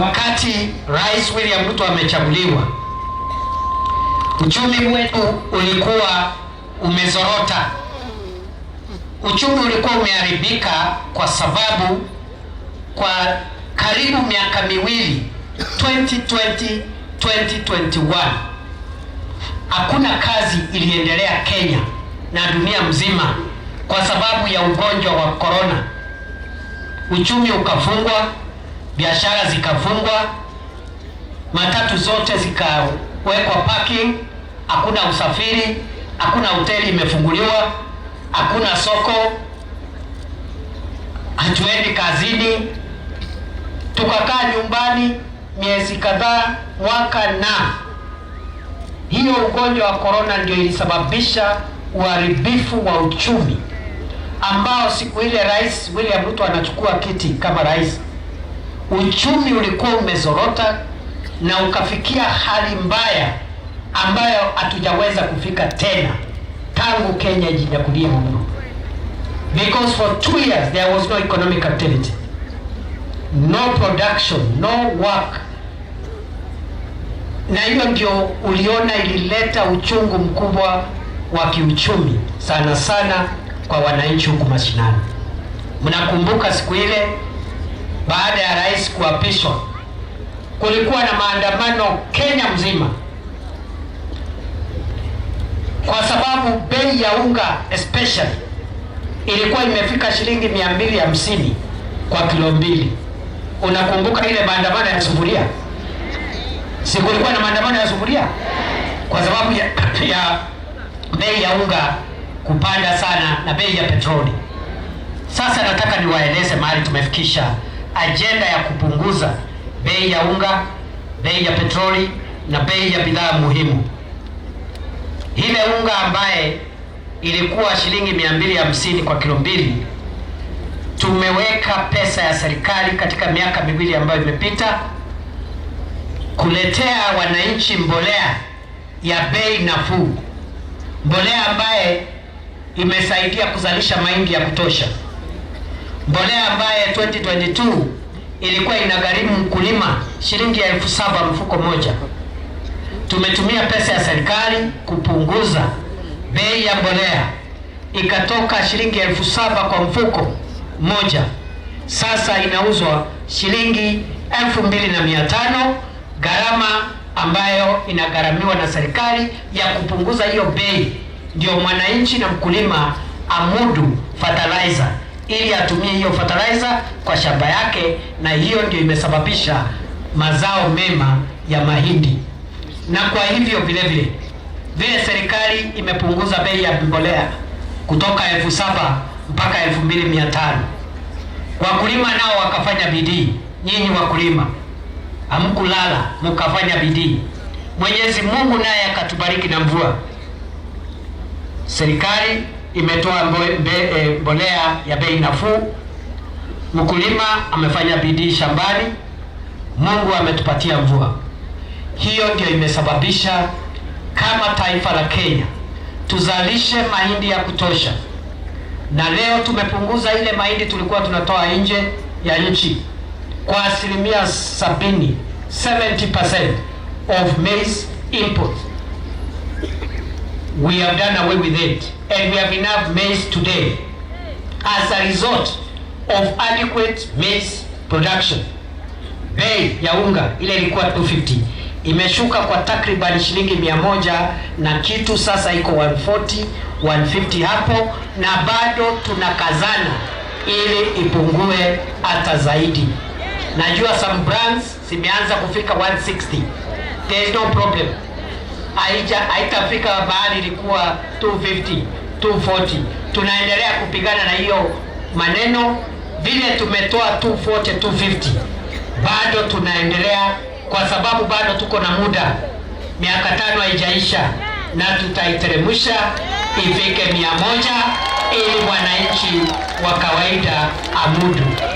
wakati Rais William Ruto amechaguliwa, uchumi wetu ulikuwa umezorota, uchumi ulikuwa umeharibika, kwa sababu kwa karibu miaka miwili 2020 2021 hakuna kazi iliendelea Kenya na dunia mzima kwa sababu ya ugonjwa wa korona, uchumi ukafungwa biashara zikafungwa, matatu zote zikawekwa parking, hakuna usafiri, hakuna hoteli imefunguliwa, hakuna soko, hatuendi kazini, tukakaa nyumbani miezi kadhaa, mwaka na hiyo ugonjwa wa korona ndio ilisababisha uharibifu wa uchumi ambao siku ile Rais William Ruto anachukua kiti kama rais uchumi ulikuwa umezorota na ukafikia hali mbaya ambayo hatujaweza kufika tena tangu Kenya ijinyakulie uhuru, because for two years there was no economic activity, no production, no work. Na hiyo ndio uliona ilileta uchungu mkubwa wa kiuchumi sana sana kwa wananchi huku mashinani. Mnakumbuka siku ile baada ya rais kuapishwa, kulikuwa na maandamano Kenya mzima kwa sababu bei ya unga especially ilikuwa imefika shilingi mia mbili hamsini kwa kilo mbili. Unakumbuka ile maandamano ya sufuria? Si kulikuwa na maandamano ya sufuria kwa sababu ya, ya bei ya unga kupanda sana na bei ya petroli. Sasa nataka niwaeleze mahali tumefikisha ajenda ya kupunguza bei ya unga, bei ya petroli na bei ya bidhaa muhimu. Ile unga ambaye ilikuwa shilingi 250 kwa kilo mbili, tumeweka pesa ya serikali katika miaka miwili ambayo imepita kuletea wananchi mbolea ya bei nafuu, mbolea ambaye imesaidia kuzalisha mahindi ya kutosha, mbolea ambaye 2022 ilikuwa inagharimu mkulima shilingi elfu saba mfuko moja. Tumetumia pesa ya serikali kupunguza bei ya mbolea ikatoka shilingi elfu saba kwa mfuko moja, sasa inauzwa shilingi elfu mbili na mia tano gharama ambayo inagharamiwa na serikali ya kupunguza hiyo bei, ndio mwananchi na mkulima amudu fertilizer ili atumie hiyo fertilizer kwa shamba yake, na hiyo ndio imesababisha mazao mema ya mahindi. Na kwa hivyo vile vile vile serikali imepunguza bei ya mbolea kutoka elfu saba mpaka elfu mbili mia tano. Wakulima nao wakafanya bidii. Nyinyi wakulima hamkulala, mkafanya bidii. Mwenyezi Mungu naye akatubariki na mvua. Serikali imetoa e, mbolea ya bei nafuu, mkulima amefanya bidii shambani, Mungu ametupatia mvua. Hiyo ndio imesababisha kama taifa la Kenya tuzalishe mahindi ya kutosha, na leo tumepunguza ile mahindi tulikuwa tunatoa nje ya nchi kwa asilimia sabini, 70% of maize imports we have done away with it and we have enough maize today as a result of adequate maize production. Bei ya unga ile ilikuwa 250 imeshuka kwa takriban shilingi 100 na kitu, sasa iko 140 150 hapo, na bado tunakazana ili ipungue hata zaidi. Najua some brands zimeanza kufika 160. There is no problem haitafika bali ilikuwa 250 240. Tunaendelea kupigana na hiyo maneno, vile tumetoa 240 250, bado tunaendelea kwa sababu bado tuko na muda, miaka tano haijaisha, na tutaiteremsha ifike mia moja ili mwananchi wa kawaida amudu.